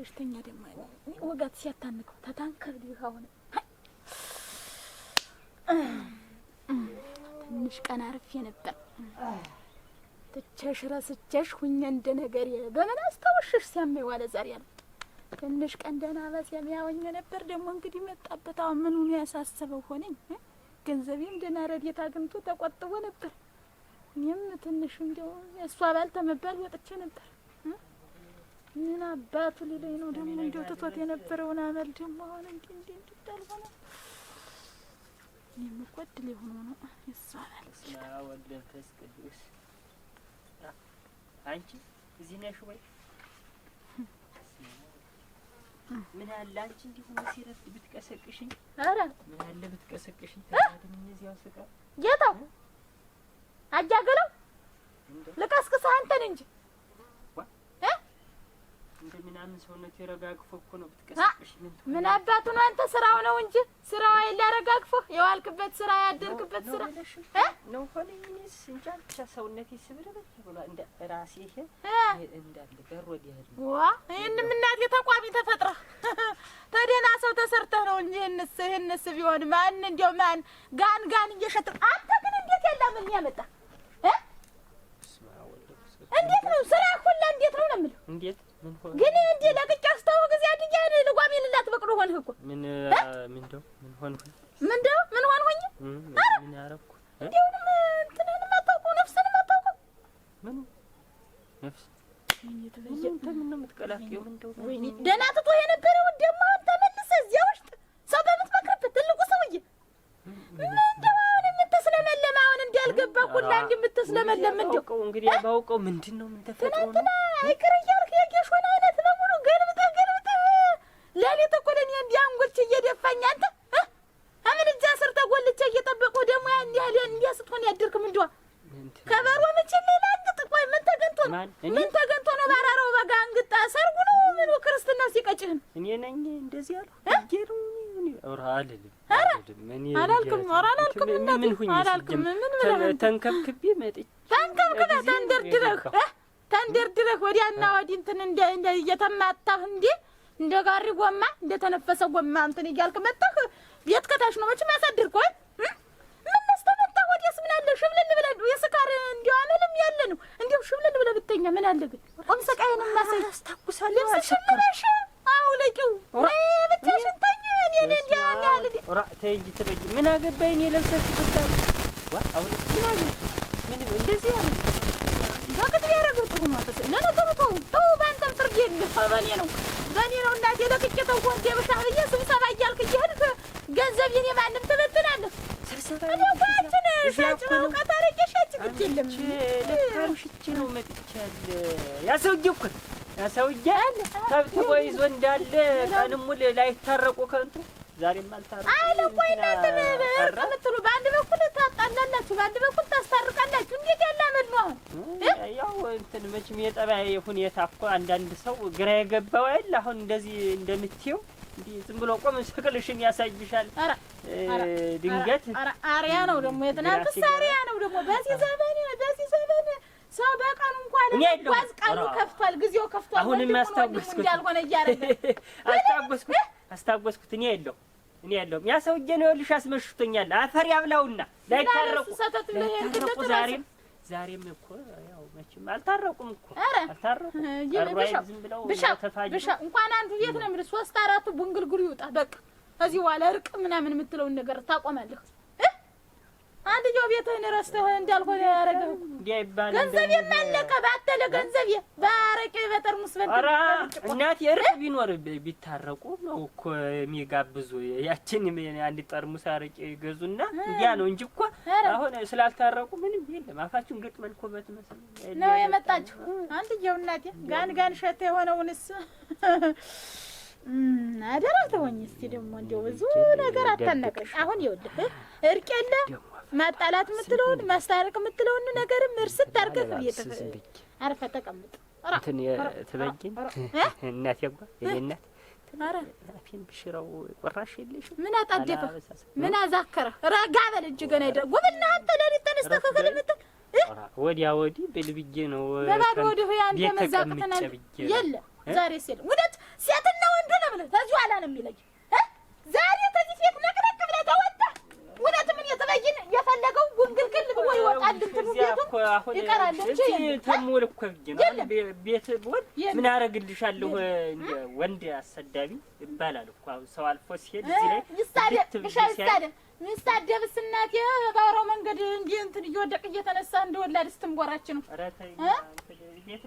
በሽተኛ ደማ ወጋት ሲያታንቅ ተታንከር ቢህ አሁን ትንሽ ቀን አርፌ ነበር። ትቸሽ ረስቸሽ ሁኜ እንደ ነገር በምን አስታውሽሽ ሲያመኝ ዋለ ዛሬ አለ ትንሽ ቀን ደህና ባስ የሚያወኘ ነበር። ደግሞ እንግዲህ መጣበት። አሁን ምኑ ያሳሰበው ሆነኝ። ገንዘቤም ደህና ረድኤት አግኝቶ ተቆጥቦ ነበር። እኔም ትንሽ እንዲያው እሷ ባል ተመባል ወጥቼ ነበር ምን አባቱ ሊለኝ ነው ደግሞ? እንደው ትቶት የነበረውን አመል ደግሞ አሁን እንዲ እንዲ እንዲዳል ሆነ። እኔም እኮ ነው ይሷላል። ስማ ወልደ መንፈስ ቅዱስ አንቺ እዚህ ነሽ ወይ? ምን አለ አንቺ እንዲሁ ሲረድ ብትቀሰቅሽኝ። አረ ምን አለ ብትቀሰቅሽኝ። እዚያው ስቃ ጌታው አጃገለው ልቀስቅስህ አንተን እንጂ እንደ ምናምን ሰውነቱ የረጋግፎ እኮ ነው ብትቀሰቅሽ። ምን አባቱ ነው አንተ? ስራው ነው እንጂ ስራው አይደል ያረጋግፎ። የዋልክበት ስራ ያደርክበት ስራ ነው ሆነ። እኔስ እንጃ ብቻ ሰውነቴ ስብርበት ብሏል። እንደ ራሴ ይሄ እንዳለ ጋር ወዲያ ዋ ይሄንም እናቴ ተቋሚ ተፈጥረህ ተደህና ሰው ተሰርተህ ነው እንጂ ይሄንስ ይሄንስ ቢሆን ማን እንዲያው ማን ጋን ጋን እየሸጥክ አንተ ግን እንዴት ያላም የሚያመጣ እንዴት ነው ስራ ሁላ እንዴት ነው ነው የምልህ እንዴት ግን እንዴ ለቅጫ ስተው ጊዜ አድጋን ልጓም የሌላት በቅሎ ሆንህ እኮ ምን ምንደው ምን ሆንሁ ምንደው ምን ሆንሁኝ ምን ያረኩ እንዲሁም እንትንን ማታውቁ ነፍስን ማታውቁ ምን ነፍስ ደህና ትቶ የነበረውን ደግሞ ተመልሰህ እዚያ ውስጥ ሰው በምትመክርበት ትልቁ ሰውዬ ምንደው አይደለም አሁን እንዳልገባ ሁላ እንዲህ የምትስለመለም እንደው እንግዲህ ባውቀው ምንድን ነው ምን ተፈጥሮ ነው ትናንትና አይቅር እያልክ የጌሾን አይነት በሙሉ ገልብጠህ ገልብጠህ ሌሊት እኮ ለእኔ እንዲህ አንጎልቼ እየደፋኝ አንተ አምን እጃ ስር ተጎልቼ እየጠበቁህ ደግሞ እንዲህ እንዲህ ስትሆን ያደርክም እንደዋ ከበሮ ምችል ሌላ እንግጥ ቆይ ምን ተገንቶ ነው ምን ተገንቶ ነው ባራራው በጋ እንግጣ ሰርጉ ነው ምኑ ክርስትና ሲቀጭህም እኔ ነኝ እንደዚህ አሉ ጌሩ አልልም ኧረ አላልኩም እናቴ አላልኩም። ምን ብለህ ተንከብክቤ መጥቼ ተንከብክበህ ተንደርድረህ ተንደርድረህ ወዲያና ወዲህ እንትን እንደ እየተማታህ እንደ እንደ ጋሪ ጎማ እንደ ተነፈሰ ጎማ እንትን እያልክ መጣህ። ቤት ከታች ነው መቼም ያሳድር ወዲያስ ምን አለ ሽብልን ብለህ የስካር እንዲያው አመልም ያለ ነው እንዲያው ሽብልን ብለህ ብተኛ ምን አለብህ? ቆም ሰቃይንም ማሰይ ታኩሳለህ ሽብልን አውለቂው ብቻ ሽንተኛ እኔ እንዲያ ተይ እንጂ ትበይ ምን አገባኝ ምን እንደዚህ ያለ ዛቅት ቢያደርገው ጥሩ ማለት ነው። ለነገሩ ተው ተው፣ በአንተም ፍርድ የለም በእኔ ነው በእኔ ነው እናቴ ለቅቄ ተው ወንዴ ብሻ ብዬ ስብሰባ እያልክ እየሄድክ ገንዘብ የኔ ማንም ትበትላለህ። ስብሰባ ሻጭ ማውቃት አረቄ ሻጭ ግድ የለም ለካሩ ሽቼ ነው መጥቻለሁ ያሰውዬ እኮ ሰውዬው ተብትቦ ይዞ እንዳለ ቀን ሙሉ ላይታረቁ ከንቱ ዛሬም አልታረቁ። አይ ቆይ እናንተ በእርቅ የምትሉ በአንድ በኩል ታጣላላችሁ፣ በአንድ በኩል ታስታርቃላችሁ። እንዴት ያለ አመል ነው ያው እንትን መቼም የጠባይ ሁኔታ እኮ አንዳንድ ሰው ግራ የገባው አይደል? አሁን እንደዚህ እንደምትይው እንዲህ ዝም ብሎ ቆም ስቅልሽን ያሳይሻል። ድንገት አሪያ ነው ደግሞ የትናንትስ አሪያ ነው ደግሞ በዚህ ዘመን በዚህ ዘመን ሰው በቀኑ እንኳን ቀኑ ከፍ አሁንም አስታወስኩት እንዳልሆነ አስታወስኩት አስታወስኩት። እኔ የለው እኔ የለውም ያ ሰውዬ ነው ይኸውልሽ፣ አስመሽቶኛል። አፈር ያብላውና ላይታረቁ ዛሬም ዛሬም እኮ ያው መቼም አልታረቁም እኮ አልታረቁም። ዝም እንኳን አንዱ የት ነው የምልህ ሶስት አራቱ ቡንግልግሉ ይውጣ በቃ። ከዚህ በኋላ እርቅ ምናምን የምትለውን ነገር ታቆማለህ። አንድ አንድኛው ቤትህን ረስተህ እንዳልሆነ ያደረገው ገንዘብ የማለቀ ባተለ ገንዘብ በአረቄ በጠርሙስ በ እናት እርቅ ቢኖር ቢታረቁ ነው እኮ የሚጋብዙ። ያችን አንድ ጠርሙስ አረቄ ገዙና እንዲያ ነው እንጂ እኮ አሁን ስላልታረቁ ምንም የለም። አፋችሁን ግጥ መልኮ በትመስል ነው የመጣችሁ። አንድ አንድየው እናቴ ጋን ጋን ሸት የሆነውንስ አደራ ተወኝ እስቲ ደግሞ እንደው ብዙ ነገር አታነቀሽ። አሁን ይኸውልህ እርቅ የለ መጣላት የምትለውን መስታረቅ የምትለውን ነገርም እርስት አድርገህ አረፈ ተቀምጥ እንትን ትበይኝ እናት ያጓ እናት ራፊን ብሽረው ቁራሽ የለሽም። ምን አጣደፈ ምን አዛከረ ረጋ በል እጅ ገና ይደ ጉብና አንተ ለሊት ተነስተህ ከከለምትህ ወዲያ ወዲህ በል ነው በባዶ ወዲሁ ያንተ መዛቅተና የለ ዛሬ ሲል ውደት ሴትና ወንድ ነው ብለህ ተዚህ ኋላ ነው የሚለኝ ዛሬ ከዚህ ሴት ነግረህ ግን የፈለገው ውንግልግል ብሎ ይወጣል። እንትኑ ቤቱ ይቀራል እንጂ ተሞል እኮ ብዬሽ ነው ቤት ብሆን ምን አደርግልሻለሁ እንደ ወንድ አሰዳቢ ይባላል እኮ አሁን ሰው አልፎ ሲሄድ እዚህ ላይ ይሳደብ ይሳደብ ይሳደብ ስናት የባሮ መንገድ እንደ እንትን እየወደቅ እየተነሳ እንደወላድ ስትንጎራችን ቤት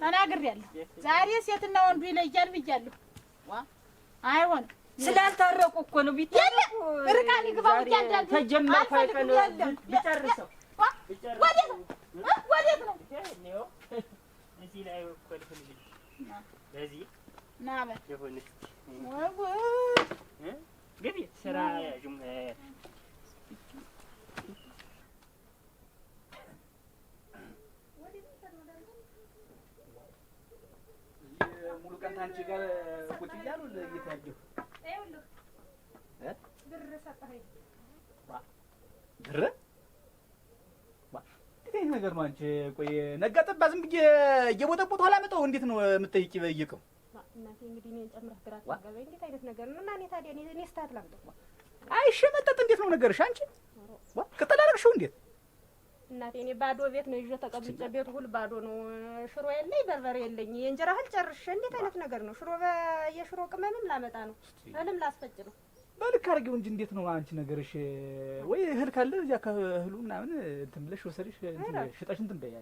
ተናግሬያለሁ። ዛሬ ሴትና ወንዱ ይለያል ብያለሁ። አይሆንም ስላልታረቁ እኮ ነው። ቢታረቁ ርቃኒ ግባ እያንዳንዱ ተጀመር ፋይፈን ቢጨርሰው ወዴት ነው ወዴት ነው? እዚህ ላይ እኮ ልፍልልሽ በዚህ ማበል ይሁን እ ግቢ ስራ ያጁም ሙሉ ቀን አንቺ ጋር ቁጭ እያሉ እየታየሁ ብር እንዴት ነገር ነው? አንቺ ቆይ ነጋ ዝም ብዬ እየቦጠቦጥ አላመጣው። እንዴት ነው የምጠይቂ? በየቀው እናቴ እንግዲህ እኔን ጨምረህ ግራ አትገባኝ። እንዴት አይነት ነገር ነው? እና እኔ ታዲያ እኔ ስታት ላምጠው። አይ መጠጥ እንዴት ነው ነገርሽ? አንቺ ቅጠል አደረግሽው እንዴት? እናቴ እኔ ባዶ ቤት ነው ይዤ ተቀምጬ፣ ቤቱ ሁሉ ባዶ ነው። ሽሮ የለኝ በርበሬ የለኝ። የእንጀራ እህል ጨርሼ እንዴት አይነት ነገር ነው? ሽሮ በየሽሮ ቅመምም ላመጣ ነው፣ እህልም ላስፈጭ ነው በልክ አድርጌው እንጂ እንዴት ነው አንቺ ነገርሽ? ወይ እህል ካለ እዚያ ከእህሉ ምናምን እንትን ብለሽ ወሰድሽ ሽጠሽ እንትን በይ።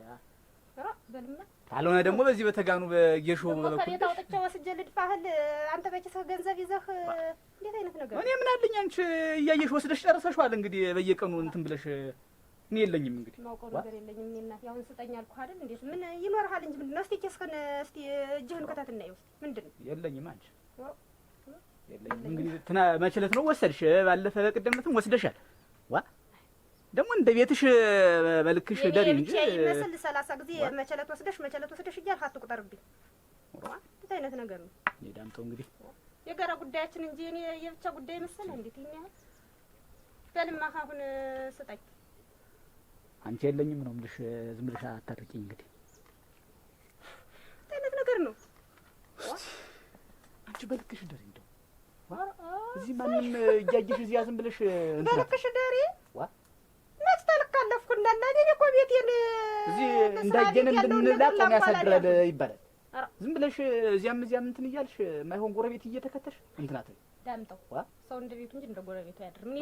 ካልሆነ ደግሞ በዚህ በተጋኑ በጌሾ በኩል ታውጥቼ ወስጄ ልድፋ እህል አንተ በኪስህ ገንዘብ ይዘህ እንዴት አይነት ነገር እኔ ምን አለኝ? አንቺ እያየሽ ወስደሽ ጨርሰሽዋል። እንግዲህ በየቀኑ እንትን ብለሽ እኔ የለኝም እንግዲህ ማውቀው ነገር የለኝም። እኔ እናት ያሁን ስጠኝ አልኩህ አይደል? እንዴት ምን ይኖርሃል እንጂ ምንድን ነው? እስቲ ኬስህን እስቲ እጅህን ከታት እናየው። ምንድን ነው የለኝም አንቺ እንግዲህ መቼ ዕለት ነው ወሰድሽ? ባለፈ በቅደም ዕለትም ወስደሻል። ዋ ደግሞ እንደ ቤትሽ በልክሽ ደሪ እንጂ ይመስል ሰላሳ ጊዜ መቼ ዕለት ወስደሽ መቼ ዕለት ወስደሽ እያልህ አትቁጠርብኝ። እንዴት አይነት ነገር ነው? ዳምጠው እንግዲህ የጋራ ጉዳያችን እንጂ እኔ የብቻ ጉዳይ መሰለህ? እንዴት ይሄን ያህል በልማ አሁን ስጠኝ። አንቺ የለኝም ነው የምልሽ። ዝም ብለሽ አታርቂኝ። እንግዲህ እንዴት አይነት ነገር ነው? አንቺ በልክሽ ደሪ እዚህ ማንም እያየሽ እዚያ ዝም ብለሽ በልክሽ ደሪ መስተልካለፍኩ እንዳለ እኔ እኮ ቤቴን እዚህ እንዳየን እንድንላቅ ያሳድራል ይባላል። ዝም ብለሽ እዚያም እዚያም እንትን እያልሽ ማይሆን ጎረቤት እየተከተሽ እንትናት ዳምጠው ሰው እንደ ቤቱ እንጂ እንደ ጎረቤቱ አያድርም።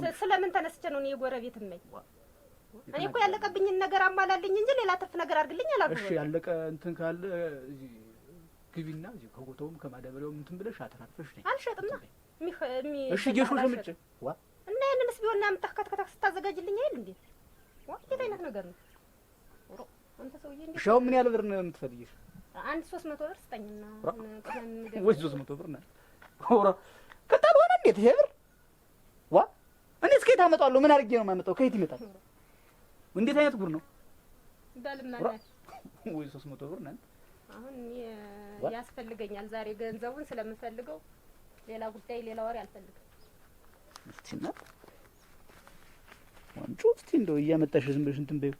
እኔ ስለምን ተነስቼ ነው እኔ የጎረቤት እመኝ? እኔ እኮ ያለቀብኝን ነገር አሟላልኝ እንጂ ሌላ ትርፍ ነገር አድርግልኝ አላልኩም። እሺ ያለቀ እንትን ካለ ግቢና እዚህ ከጎተውም ከማዳበሪያውም እንትን ብለሽ አተራርፈሽ ነኝ። አልሸጥማ እሺ፣ ጌሾ ሸምጭ ዋ እና ያንንስ ቢሆን አምጣህ ከትከታክ ስታዘጋጅልኝ አይደል እንዴ? ዋ የት አይነት ነገር ነው? ሮ አንተ ሰውዬ እንዴ! ሻው ምን ያለ ብር ነው የምትፈልጊሽ? አንድ ሶስት መቶ ብር ስጠኝና ወይ ሶስት መቶ ብር ነው ሮ ከጣል ሆነ እንዴት ይሄ ብር ዋ እኔ እስከ የት አመጣዋለሁ? ምን አድርጌ ነው የማመጣው? ከየት ይመጣል? እንዴት አይነት ጉር ነው? ባልማናት ወይ ሶስት መቶ ብር ነን አሁን ያስፈልገኛል ዛሬ ገንዘቡን ስለምፈልገው ሌላ ጉዳይ ሌላ ወሬ አልፈልግም። እስቲና ወንጩ እስቲ እንደው እያመጣሽ ዝም ብለሽ እንትን በይው።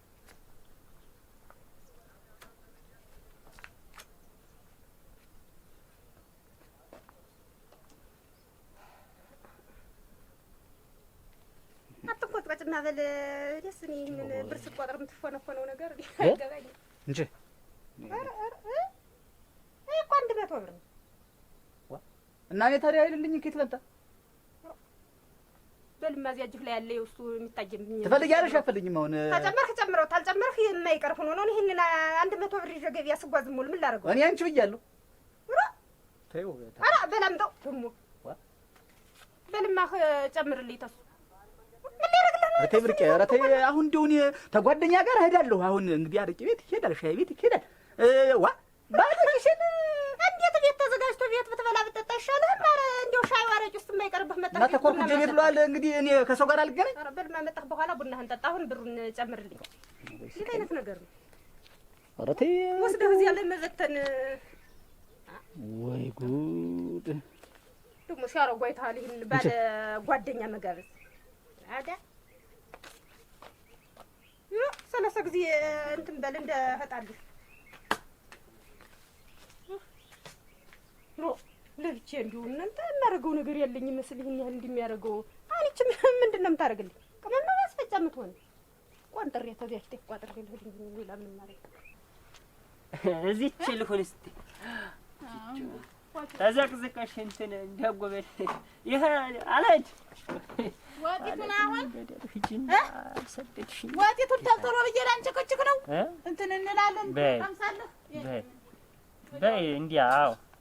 አትቆጥቆጭና በል ደስ እኔ ይህንን ብር ስቆጥር የምትፎነፎነው ነገር አይገባኝም እንጂ ነው እና እኔ ታዲያ አይደልኝ ኬት መጣ በልማ እጅህ ላይ ያለ የውስጡ ትፈልጊያለሽ? አሁን ተጨመርክ ጨምረው ታልጨመርክ የማይቀር ሆኖ ነው። ይህንን አንድ መቶ ብር ይዤ ገቢያ ስጓዝ ሙሉ ምን ላደርገው እኔ አንቺ ብያለሁ። ኧረ በላምጠው በልማ ጨምርልኝ። ተሱ ተይ ብርቄ፣ ኧረ ተይ አሁን እንደው እኔ ተጓደኛ ጋር እሄዳለሁ። አሁን እንግዲህ ቤት ይሄዳል፣ ሻይ ቤት ይሄዳል። ዋ ቤት ብትበላ ብትጠጣ ይሻልህም። ኧረ እንደው ሻይ አረቂ ውስጥ የማይቀርብህ መጣህ። እናቴ እኮ ጀኔ ብለዋል። እንግዲህ እኔ ከሰው ጋር አልገናኝ በል መጣህ። በኋላ ቡናህን ጠጣ። አሁን ብሩን ጨምርልኝ። እንዴት አይነት ነገር ነው? ኧረ ተይ ወስደህ እዚህ ያለ መዘተን። ወይ ጉድ ደግሞ ሲያረ ጓይታል። ይህን ባለ ጓደኛ መጋበዝ አዳ ሰለሰ ጊዜ እንትን በል እንደ ህጣልህ ኖ ለብቻ እንዲሁ እናንተ የማደርገው ነገር ያለኝ ይመስል ይህን ያህል እንደሚያደርገው አንቺ ምንድን ነው የምታደርግልኝ? ቅመም ነው ያስፈጫ ምትሆን ቋንጥሬ ተዚያች ጤፍ ቋጥሬ ልሂድ እንጂ ሌላ ምን ማድረግ እዚች ልሁን እስቲ ተዘቅዝቀሽ እንትን እንዲያጎበል ይህ አለች ወጢቱን አሁን ወጢቱን ተልተሎ ብዬ ላንቸከችክ ነው እንትን እንላለን ሳለህ በይ እንዲያ አዎ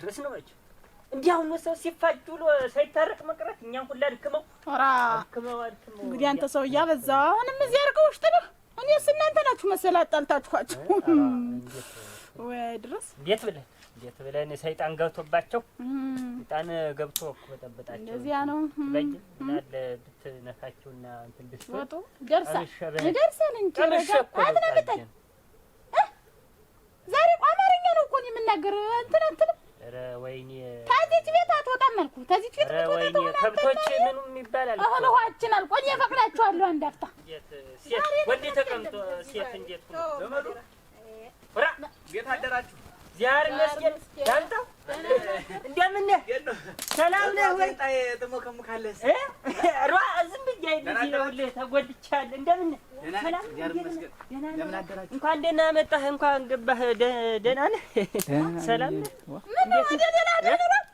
ድረስ ነው እንዲህ አሁን ሰው ሲፋጅ ብሎ ሳይታረቅ መቅረት እኛን ሁላ አድክመው አድክመው አድክመው። እንግዲህ አንተ ሰው አበዛው። አሁንም እዚህ አድርገው ነው። እኔስ እናንተ ናችሁ መሰል አጣልታችኋችሁ ወይ ድረስ ቤት ብለን እንዴት ብለን ሰይጣን ገብቶባቸው ሰይጣን ገብቶ እኮ በጠበጣቸው። እንደዚያ ነው ይላል። ብትነካቸውና እንትን ብትወጡ ደርሳል ደርሳል እንጂ አትነብተኝ። ዛሬ እኮ አማርኛ ነው እኮ የምናገር እንትን አትልም። ኧረ ወይኔ ከዚች ቤት አትወጣም አልኩህ። ከዚች ቤት ብትወጣ ተሆነ ከብቶች ምኑም ይባላል አሁን እህልኋችን አልኩህ። እኔ እፈቅዳችኋለሁ አንድ አፍታ ወንዴ ተቀምጦ ሴት እንዴት ነው ዘመዱ ራ ቤት አደራችሁ ዛሬ መስጊድ ዳንታ እንደምን ነህ? ሰላም ነህ ወይ? ትሞከሙካለህ? ሯ ዝም ብዬ አይደል ይኸውልህ ተጎድቻለሁ። እንደምን ነህ? ሰላም እንኳን ደህና መጣህ፣ እንኳን ገባህ። ደህና ነህ? ሰላም ነህ? ምን ወደ ደህና ነው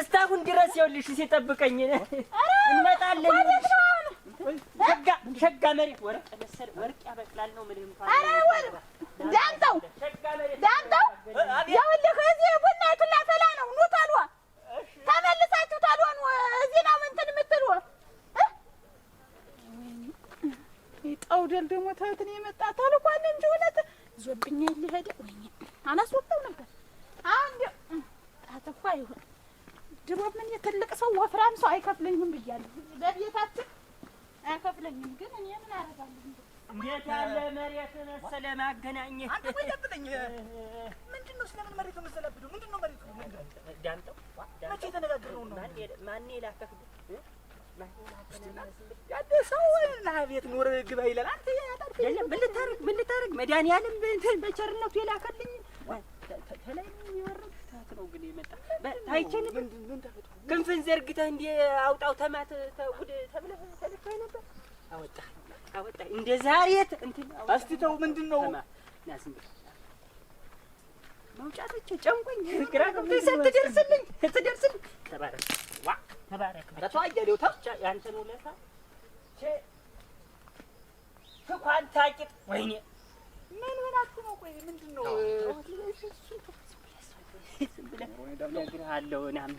እስካሁን ድረስ ይኸውልሽ ሲጠብቀኝ እንመጣለን። ሸጋ ሸጋ መሬት ወርቅ መሰል ወርቅ ያበቅላል ነው እንኳን ኧረ ወርቅ ዳምጠው ዳምጠው ይኸውልህ እዚህ ላፈላ ነው። ኑ ተመልሳችሁ እዚህ ነው እንትን የምትሉ ጠውደል ደግሞ ተትን የመጣ እንጂ እውነት ዞብኛ ሊሄድ ወይ አላስወጣው ነበር አሁን እንዲ እንኳ ይሁን ድሮ ምን ትልቅ ሰው ወፍራም ሰው አይከፍለኝም ብያለሁ። በቤታችን አይከፍለኝም፣ ግን እኔ ምን አደርጋለሁ? እንዴት ያለ መሬት መሰለ ማገናኘት። አንተ ወይ ለብለኝ፣ ምንድን ነው ስለምን መሬት መሰለ ብዶ ምንድን ነው መሬት ነው ዳምጠው መቼ የተነጋገርነው ነው? ማን የላከህ ያደ ሰው እና ቤት ኑር ግባ ይላል። አንተ ያጣድከኝ ምን ልታረግ ምን ልታረግ መድኃኒዓለም በቸርነቱ የላከልኝ ተላይ የሚወርድ ተማትህ ነው ግን የመጣ ታይቼን ክንፍን ዘርግተህ እንደ አውጣው ተማት ተጉድ ተብለህ ተልካይ ነበር። አወጣህ አወጣህ እንደ ዛሬ እንትን እስቲ ተው፣ ምንድን ነው መውጫቶች ጨንቆኝ ግራ ገብቶኝ ሰት ትደርስልኝ ተባረክ ዋ ተባረክ። ተቶ አያሌው ተው ያንተን ውለታ ትኳን ታቂጥ ወይኔ ምን ሆናችሁ ነው? ቆይ ምንድን ነው እነግርሃለሁ። ናም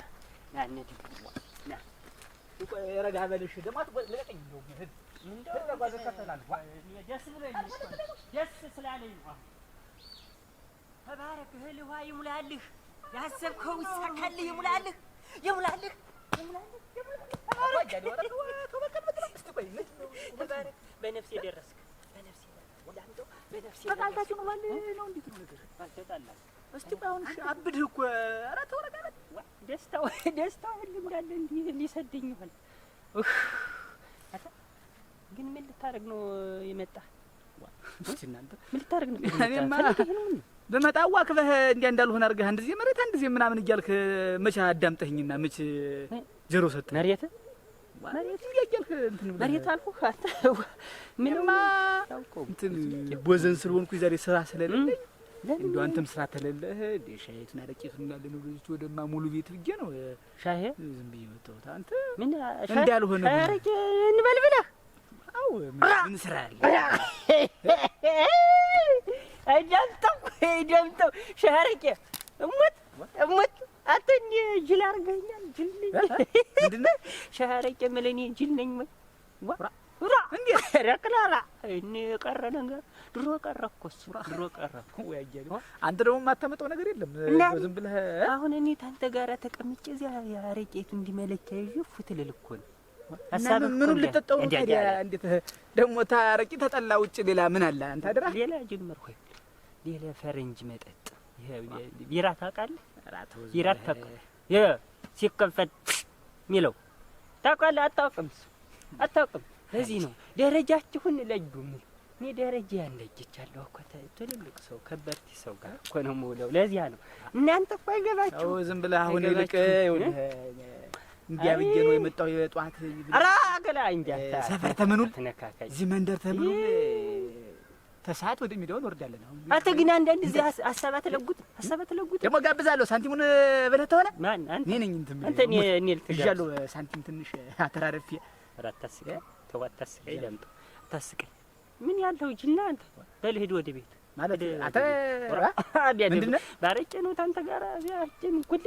ናነድ ረጋ በልሽ ደስ ስላለኝ ተባረክ። እህል ውሃ ይሙላልህ። ያሰብከው ይሳካልህ። ይሙላልህ ይሙላልህ በነፍሴ ደረስክ። በነፍሴ በነፍሴ ነው። እንዴት ነው ነገር አልተጣላም እስቲ አሁን አብድህ እኮ ኧረ ተው ነገር ደስታው ደስታው ሁሉ እንዳለ ሊሰደኝ ይሆን ግን ምን ልታደርግ ነው የመጣ? እስቲ እናንተ ምን ልታደርግ ነው? በመጣ አዋክበህ እንዲያ እንዳልሆን አድርገህ አንድ ዜ መሬት አንድ ጊዜ ምናምን እያልክ መቼ አዳምጠህኝና መቼ ጆሮ ሰጠህ? መሬት መሬት እያልክ እንትን መሬት አልኩህ አንተ ምንማ እንትን ቦዘን ስለሆንኩ ዛሬ ስራ ስለሌለኝ እንደው አንተም ስራ ተለለህ ሻይቱን አረቄቱን ያለ ነው። ልጅ ወደማ ሙሉ ቤት ብዬ ነው ሻይ ዝም ብዬ መጣሁት። አንተ ምን እንዳልሆነ አረቄ እንበል ብለህ አው ምን ስራ አለ? ደምጠው ደምጠው ሻይ አረቄ እሙት እሙት አንተ እንደ ጅል አድርገኸኛል። ጅል ነኝ ምንድን ነው ሻይ አረቄ የምልህ እኔ ጅል ነኝ ወይ ራ እንዴ እኔ የቀረ ነገር ድሮ ቀረ እኮ እሱ ድሮ ቀረ። አንተ ደግሞ የማታመጣው ነገር የለም ዝም ብለህ አሁን እኔ ታንተ ጋራ ተቀምጬ እዚያ ያረቄቱ እንዲመለኪያ ይዤ እኮ ነው። ልጠጣው ነው ታዲያ? እንዴት ደግሞ ታረቂ ተጠላ ውጭ ሌላ ምን አለ? አንተ ሌላ ጅምር ሆይ ሌላ ፈረንጅ መጠጥ ቢራ ታውቃለህ? ቢራ ታውቃለህ? ሲከፈት ታውቃለህ? አታውቅም፣ አታውቅም ለዚህ ነው ደረጃችሁን ለዩም። እኔ ደረጃ ያለጅቻለሁ እኮ ትልልቅ ሰው ከበርቲ ሰው ጋር እኮ ነው የምውለው። ለዚያ ነው እናንተ እኮ አይገባችሁ። ዝም ብለህ አሁን ይልቅ እንዲያ ብዬ ነው የመጣው። የጠዋት ኧረ እንዲያ እንጃታ ሰፈር ተምኑል እዚህ መንደር ተምኑል ተሰዓት ወደሚለውን ወርዳለን። አሁን አንተ ግን አንዳንድ እዚህ ሀሳብ አትለጉጥ፣ ሀሳብ አትለጉጥ። ደግሞ ጋብዛለሁ። ሳንቲሙን በለህ ተሆነ ማን እኔ ነኝ። እንትም አንተ እኔ ልትጋብዝ እያለሁ ሳንቲም ትንሽ አተራረፊ አራት አስገ ተው አታስቀኝ። ለምጡ አታስቀኝ። ምን ያለው ጅና አንተ በል ሂድ ወደ ቤት ማለት አንተ ምንድነው ባረቄ ነው ታንተ ጋር ያችን ኩልት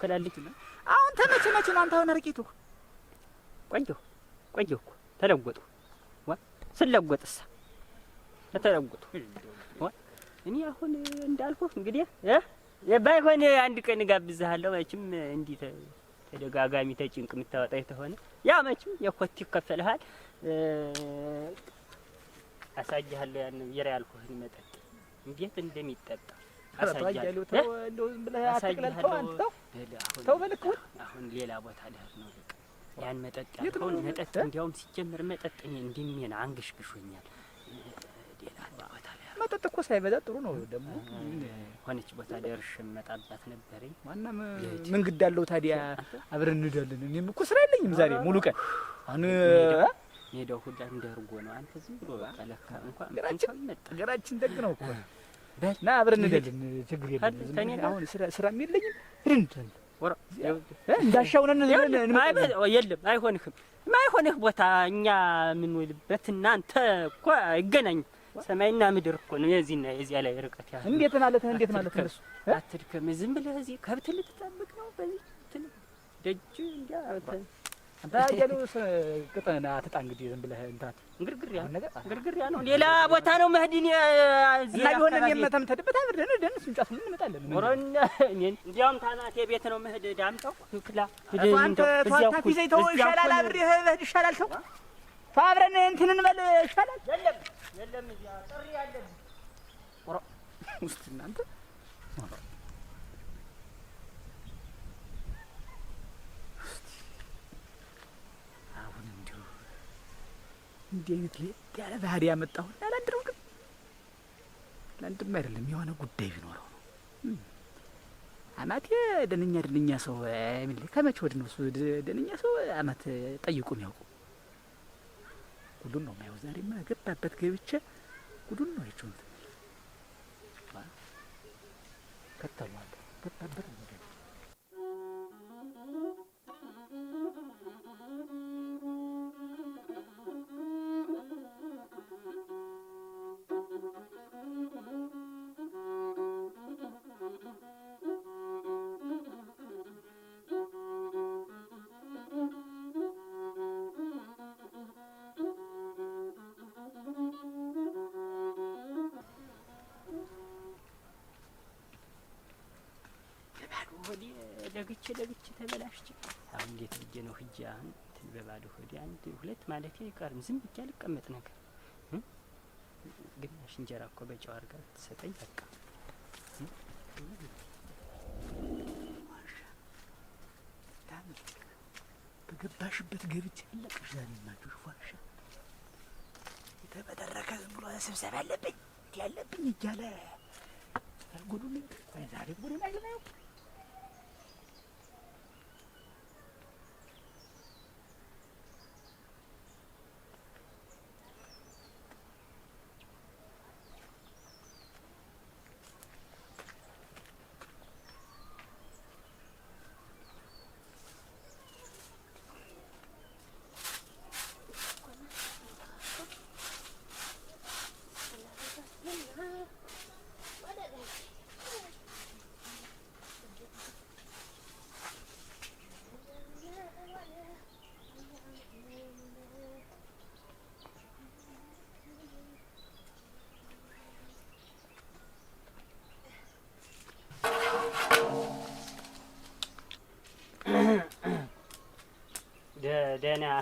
ከላልክ ነው አሁን ተመቼ መቼ ነው አንተ አሁን ርቂቱ ቆንጆ ቆንጆ እኮ ተለወጡ ዋ ስለወጥሳ ተለወጡ ዋ እኔ አሁን እንዳልኩ እንግዲህ እ ባይሆን አንድ ቀን ጋብዝሃለሁ መቼም እንዲህ ተደጋጋሚ ተጭንቅ የምታወጣ የተሆነ ያ መቼም የኮት ይከፈልሃል። አሳይሃለሁ ያን ቢራ ያልኩህን መጠጥ እንዴት እንደሚጠጣ አሳይሃለሁ። ተው ሌላ ቦታ ልሄድ ነው። ልክ ያን መጠጥ ያልኩህን መጠጥ እንዲያውም ሲጀምር መጠጥ እኔ እንደሚሆን ሌላ መጠጥ እኮ ሳይበዛ ጥሩ ነው። ደግሞ ሆነች ቦታ ደርሼ እመጣባት ነበር። ዋና ምን ግድ አለው ታዲያ? አብረን እንሄዳለን። እኔም እኮ ስራ የለኝም ዛሬ ሙሉ ቀን። አሁን ሜዳው ሁላ እንደርጎ ነው። አንተ ዝም ብሎ ለካ እንኳን ሀገራችን ደግ ነው እኮ ና አብረን እንሄዳለን። ችግር የለም። አሁን ስራም የለኝም። ሂድን እንዳሻውነን የለም፣ አይሆንህም። ማይሆንህ ቦታ እኛ የምንውልበት እናንተ እኮ አይገናኝም ሰማይና ምድር እኮ ነው። የዚህና የዚያ ላይ ርቀት ያህል እንዴት ማለት ነው? እንዴት ማለት ነው? አትድከም። ዝም ብለህ እዚህ ከብት ልትጠብቅ ነው። በዚህ ደጅ እንዲያ ቅጥን አትጣ። እንግዲህ ዝም ብለህ እንታት ግርግር ያ ነው። ሌላ ቦታ ነው መሄድን እና ቢሆን የምተምተድበት አብርደን ደን እሱን ጫፍ እንመጣለን። እንዲያውም ታናቴ ቤት ነው መህድ ዳምጣው ክላ ይዘህ ተው ይሻላል። አብሬህ መሄድ ይሻላል። ተው አብረን እንትን እንበል ይሻላል። የለም እዚያ ጥሪ ያለብህ ውስጥ እናንተ አሁን እንዲሁ እንዲህ አይነት ለየት ያለ ባህሪ ያመጣሁን ግን ለአንድም አይደለም የሆነ ጉዳይ ቢኖረው ነው። አማቴ ደነኛ ደነኛ ሰው ከመቼ ነው እሱ ደነኛ ሰው አማት ጠይቁ የሚያውቁ ጉዱን ነው የሚያው። ዛሬማ ገባበት ገብቼ ጉዱን ነው የችሁት ከተሏል ገባበት ሆዴ ለግቼ ለግቼ ተበላሽቼ አሁን እንዴት ብዬ ነው ህጃ እንትን በባዶ ሆዴ አንድ ሁለት ማለቴ አይቀርም። ዝም ብዬ አልቀመጥ ነገር ግማሽ እንጀራ እኮ በጨው አድርጋ ትሰጠኝ በቃ በገባሽበት ገብቼ አለቀሽ። ዛሬ ማጆሽ ዋሻ የተበደረከ ዝም ብሎ ስብሰባ እንዲህ እያለ ዛሬ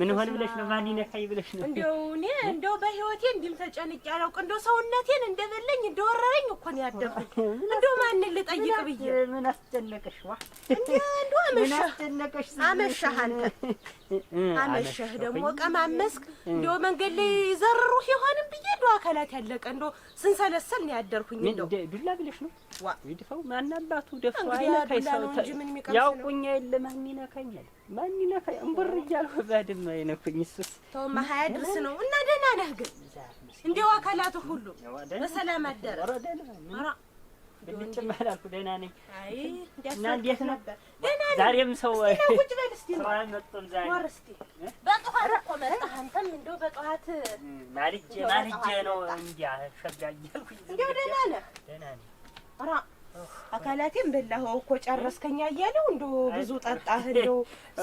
ምን ሆን ብለሽ ነው? ማን ይነካኝ ብለሽ ነው? እንደው እኔ እንደው በህይወቴ እንዲህም ተጨንቄ አላውቅ። እንደው ሰውነቴን እንደበለኝ እንደወረረኝ እኮ ነው ያደርኩት። እንደው ማንን ልጠይቅ ብዬ ምን አስጨነቀሽ? ዋ እንደው ምን አስጨነቀሽ፣ አመሻህ፣ አንተ አመሻህ፣ ደግሞ ቀማመስክ። እንደው መንገድ ላይ ዘርሩህ ይሆንም ብዬ እንደው አካላት ያለቀ እንደው ስንሰለሰል ነው ያደርኩኝ። እንደው ዱላ ብለሽ ነው ዋ ይድፈው። ማን አባቱ ደፋ አይነካኝ። ሰው ያውቁኛ የለ ማን ይነካኛል ማን ይነካኝ? እምቡር እያልኩ ባድማ አይነኩኝ። እሱስ ተውማ ሀያ ድርስ ነው እና ደህና ነህ ግን እንዲያው አካላቱ ሁሉ በሰላም አደረ። ብልጭም አላልኩ ደህና ነኝ። እና እንዴት ነበር? ነኝ። ዛሬም ሰው ቁጭ በል እስኪ አልመጡም ዛሬ በጠዋት እኮ መጣህ አንተም እንደው በጠዋት ማልጄ ማልጄ ነው እንዲያ ሸጋ እያልኩኝ እንዲያው ደህና ነህ? ደህና ነኝ። አካላቴን በላኸው እኮ ጨረስከኛ እያለው እንዶ ብዙ ጠጣህ። እንዶ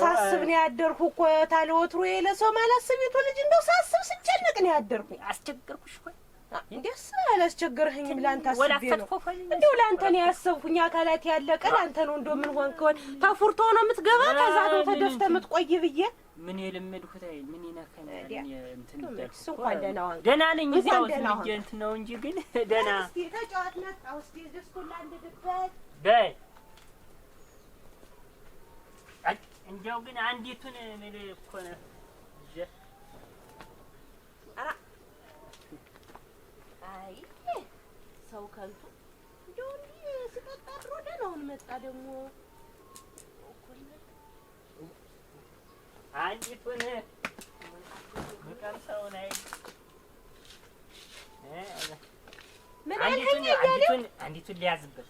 ሳስብ ነው ያደርኩ እኮ ታለ ወትሮ የለሰው ማላስቤቱ ልጅ እንዶ ሳስብ ስጨነቅ ነው ያደርኩኝ። አስቸገርኩሽ እኮ እንዴስ አላስቸገርህኝም። ለአንተ አስቤ ነው እንደው ለአንተ ነው ያሰብኩኝ። አካላት ያለቀ ለአንተ ነው። እንደው ምን ሆንክ? ከሆን ተፉርቶ ነው የምትገባ ከዛ ነው ተደፍተ የምትቆይ ብዬ ምን የለመድኩት አይ ምን ይነካኛል? እንትን እንኳን ደህና ዋንክ ደህና ነኝ። እዚያው ስንጀንት ነው እንጂ ግን ደህና ተጫዋት ናት። አውስቴ ደስኩላ እንደገበት በይ እንዲያው ግን አንዲቱን ምን እኮ ነው አይ ሰው ከንቱ እንደውም ሲጠጣ ድሮ ደህና አሁን መጣ ደግሞ አንዲቱን ቀምሰውን አይ ምን አልከኝ እያለ አንዲቱን ሊያዝበት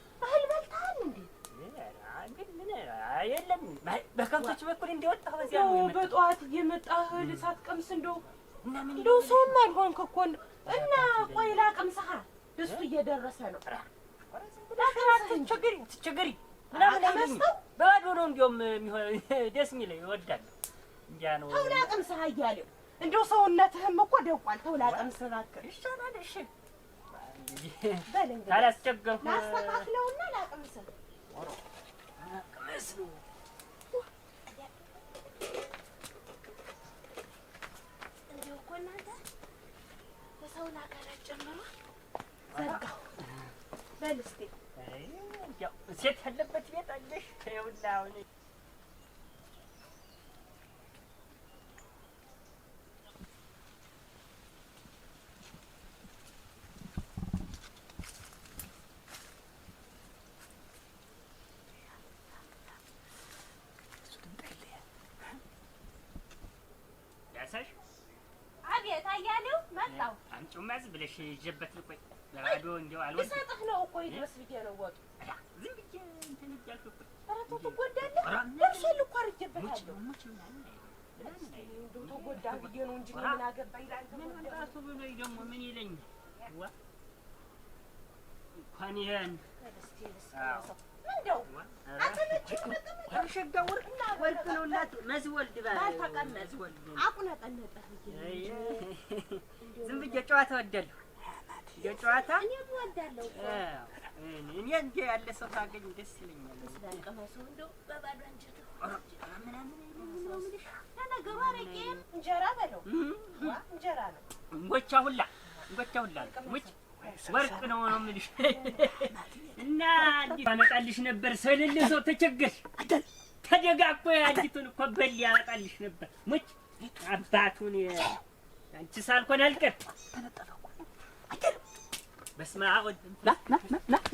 የለም በከብቶች በኩል እንዲወጣህ በዚያ በጠዋት እየመጣህ ልሳት ቀምስ እንደው እንደው ሰውም አልሆንክ እኮ እና ቆይ ሰሃ እሱ እየደረሰ ነው። ትቸገሪ በባዶ ነው። እንዲያውም ደስ የሚለኝ ይወዳል እንዲያ ነው። ተው ላቅምስሀ እያሌው እንደው ሰውነትህም እኮ ደቋል። ተው ላቅምስህ እባክህ ይሻላል። እሺ ታዲያ አስቸገርኩህ። ላስተካክለውና ላቅምስህ ሰው ለሀገራት ጀምሯል። ዘጋው በል እስኪ ሴት ያለበት ቤት አለሽ? ይኸውልህ አሁን እኔን እንደው አልሸጋው ወርቅ ነው እናት መዝወልድ ዝም ብዬ ጨዋታ ወደለሁ ጨዋታ እኔ እንደ ያለ ሰው ታገኝ ደስ ይለኛል። ለነገሩ አረቄም እንጀራ በለው እንጀራ ነው እንጎቻ ሁላ እንጎቻ ሁላ ወርቅ ነው ነው የምልሽ። እና አመጣልሽ ነበር ሰልል ሰው ተቸገርሽ። ተደጋግፎ የአንዲቱን እኮ በል ያመጣልሽ ነበር። ሙች አባቱን አንቺ ሳልኮን አልቀር በስመ አብ ላ